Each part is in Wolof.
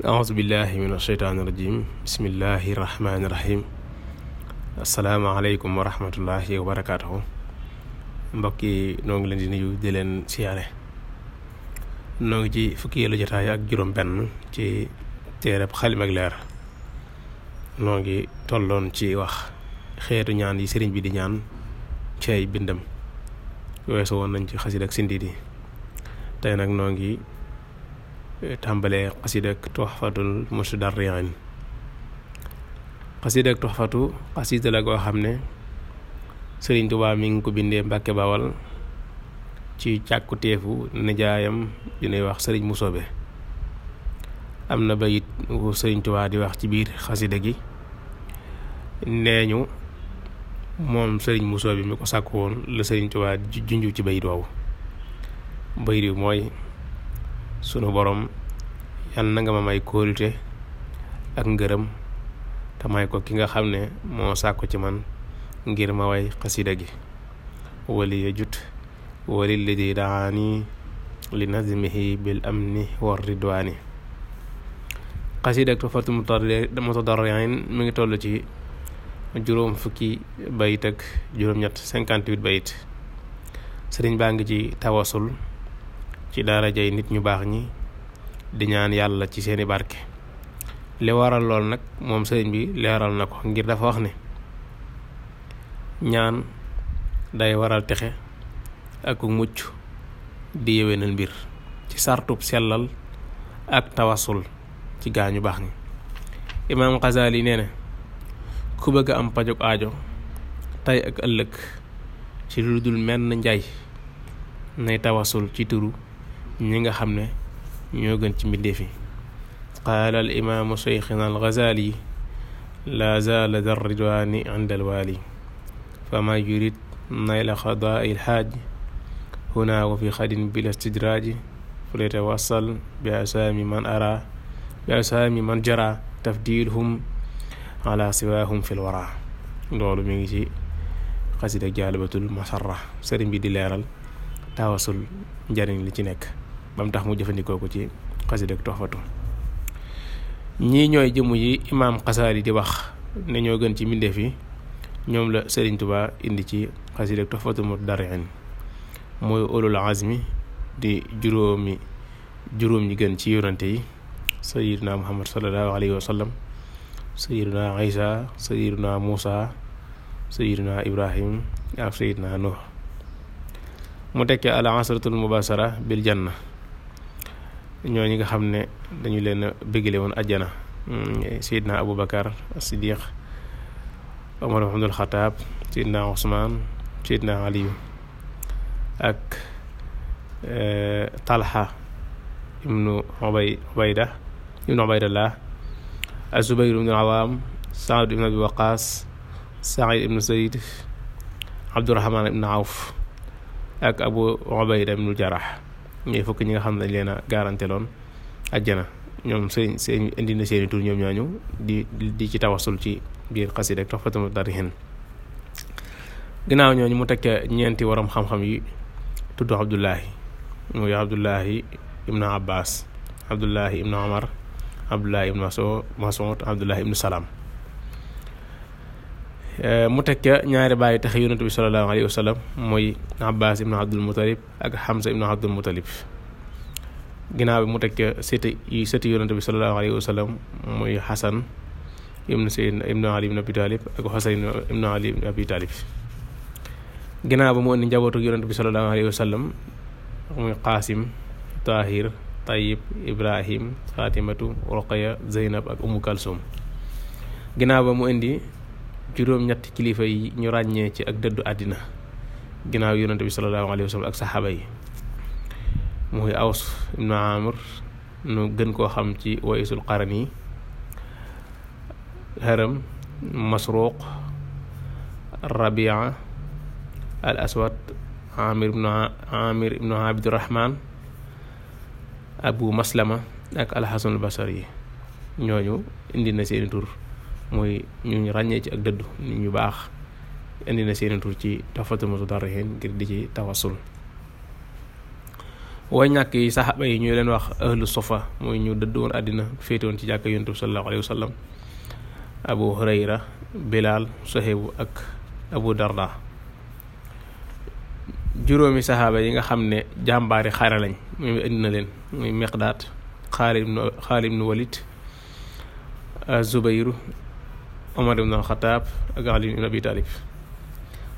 auzu billahi min asheytaani rajim bismillahi rahmaani rahim asalaamaaleykum wa rahmatullahi wa barakaatuhu mbokk yi noo ngi leen di nuyu di leen siyaare noo ci fukki yëlu jotaay ak juróom benn ci téereb Xalimag Leer noo ngi tolloon ci wax xeetu ñaan yi sëriñ bi di ñaan ci ay bindam weesu woon nañ ci xasid ak sindidi tey nag noo tàmbalee xasida ak tuxfatul mustadarriin xasida ak tuxfatu xasida la goo xam ne Sëriñ Tuubaa mi ngi ko bindee Mbàkke Bawal ci càkkutéefu nijaayam yu ñuy wax Sëriñ Musoobe am na bayit wu Sëriñ Tuubaa di wax ci biir xasida gi nee ñu moom Sëriñ Musoobe mi ko sàkk woon la Sëriñ Tuubaa junju ci bayit woowu bayit wi mooy sunu borom yan na nga ma may kóolute ak ngërëm te may ko ki nga xam ne moo sàkku ci man ngir ma way xasida gi wali ya jut wali lidi daani li nazmihi bil amni war ridwaani xasida ak tofatu mutadarriin mi ngi toll ci juróom fukki bayit ak juróom-ñett cinquante-huit bayit sëriñ baa ngi ci tawasul ci yi nit ñu baax ñi di ñaan yàlla ci seeni barke li waral lool nag moom sëriñ bi leeral na ko ngir dafa wax ne ñaan day waral texe ak mucc di yéwénal mbir ci sartub sellal ak tawasul ci gaañu baax ñi imaam Xasaali nee na ku bëgg am pajug aajo tey ak ëllëg ci lu dul menn njaay nay tawasul ci turu ñi nga xam ne ñoo gën ci mbindeef yi qaala al al gazali laa zaala da ridwaani inda al waali fama yurid nayla xadaai lxaaj huna wa fi xadin bil istidraaji falyatawassal bi asaami man ara bi asaami man jara tafdiluhum ala siwaahum fi lwara loolu mi ngi ci xasida jaalibatul masarra sëriñ bi di leeral tawasul njariñ li ci nekk ba tax mu jëfandikoo ko ci xasida ak ñii ñooy jëmm yi imaam xasaali di wax ne ñoo gën ci mbindeef yi ñoom la Serigne Touba indi ci xasida ak toxfatu mu mooy ulul azmi di juróomi juróom ñi gën ci yonante yi sayiduna muhammad sallallahu alayhi wa sallam sayiduna isa sayiduna muusa sayiduna ibrahim ak sayiduna nuh mu tekkee al asratul mubasara bil janna ñooñu nga xam ne dañu leen a bégale woon ajjana mm, Seydina Aboubacar Siddiq Omar ibn Abdul Xataab Seydina Ousmane Seydina Aliyu ak euh, Talha ibnu Ubay Ubayda ibnu Ubaydallah ak Zubayr ibnu Awaam Saad ibnu Abi Waqaas Saïd ibnu Zayd Abdurahmaan ibnu Awf ak Abu Ubayda ibnu Jarax ñooy fukk ñi nga xam ne dañ leen a garanté loon ajjana ñoom seen seen indi na seen i tur ñoom ñooñu di di ci tawasul ci biir xasida ak Tuhfatut Mudarrihin ginnaaw ñooñu mu teg ñeenti waram xam-xam yi tudd Abdullahi muy Abdullahi ibnu Abbas Abdullahi ibnu Omar Abdullahi ibnu Mas'ud Abdullahi ibnu Salaam Eh, mu teg ca ñaari bàyyi tax yonent bi sallallahu alayhi wa sallam mooy abbas ibnu abdul mutalib ak xamsa ibnu abdul mutalib ginnaaw bi mu teg ca sëti yi sëti yonent bi sallallahu alayhi wa muy xasan ibnu abi talib ak xasan ginnaaw ba mu indi njabootu yonent bi sallallahu alayhi wa muy qaasim tahir tayib ibrahim fatimatu ruqaya zeynab ak umu kalsum ginnaaw ba mu indi juróom-ñetti kilifa yi ñu ràññee ci ak dëddu àddina ginnaaw yonante bi sallallahu alayhi wa ak saxaaba yi muy aws ibnu amr nu gën koo xam ci waisul qarani haram masruq rabia al aswad amir ibnu amir ibnu abdurahman abu maslama ak alxasanul basar yi ñooñu indi na seeni tur mooy ñu ràññee ci ak dëddu ñu baax indi na seeni tur ci tafatul mutadarrihin ngir di ci tawassul way ñàkk yi saxaaba yi ñu leen wax ahlu sofa mooy ñu dëdd woon àddina féete ci jàkk yontu bi sallallahu alayhi wa bilaal sohebu ak abu darda juróomi saxaaba yi nga xam ne jàmbaari xare lañ muy indi na leen muy miqdaat daat ibnu xaalid ibnu walid zubayru Omar ibn Xataab ak Ali ibn Abi Talib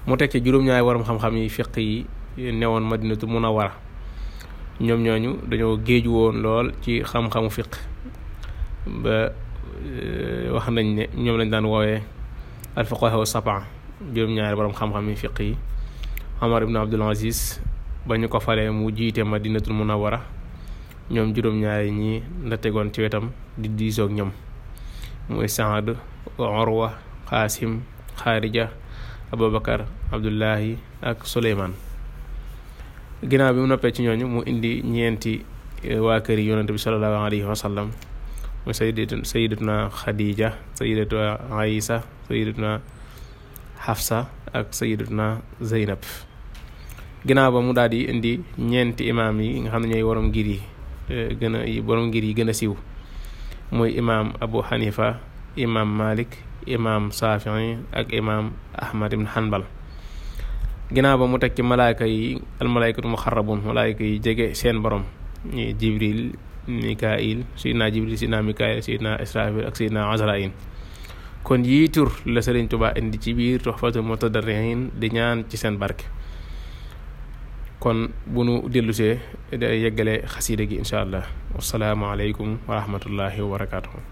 mu teg ci juróom-ñaari waram xam-xam yi fiq yi newoon a munawara ñoom ñooñu dañoo géeju woon lool ci xam-xamu fiq ba eh, wax nañ ne ñoom lañ daan woowee alfuqaha wa saba juróom-ñaari borom xam-xam yi fiq yi Omar ibn Abdul Aziz ba ñu ko falee mu jiite a munawara ñoom juróom-ñaari ñi la tegoon ci wetam di diisoog ñoom muy Saad Urwa Xaasim Xaarija Abubakar Abdullahi ak Suleymaan ginnaaw bi mu noppee ci ñooñu mu indi ñeenti eh, waa kër yi yonent bi sallallahu alayhi wa sallam muy sayidatu sayidatuna Xadija sayidatuna Aïsa Xafsa ak sayidatuna Zeynab ginnaaw ba mu daal di indi ñeenti imaam yi nga xam ne ñooy waroom ngir yi eh, gën ngir yi gën a siiw muy imaam abu xanifa imaam malik imaam saafii ak imaam ahmad ibn hanbal ginnaaw ba mu teg ci malaayka yi almalaykatu muxarabun malaayka yi jege seen borom ñi jibril mikail sidna jibril sidna mikail sidna israfil ak sidna azrail kon yii la sëriñ tubaa indi ci biir tuhfatul mutadarrihin di ñaan ci seen barke kon bu nu dellusee day yeggale xasiida gi incha allah wasalaamualeykum wa rahmatullahi wa barakaatu.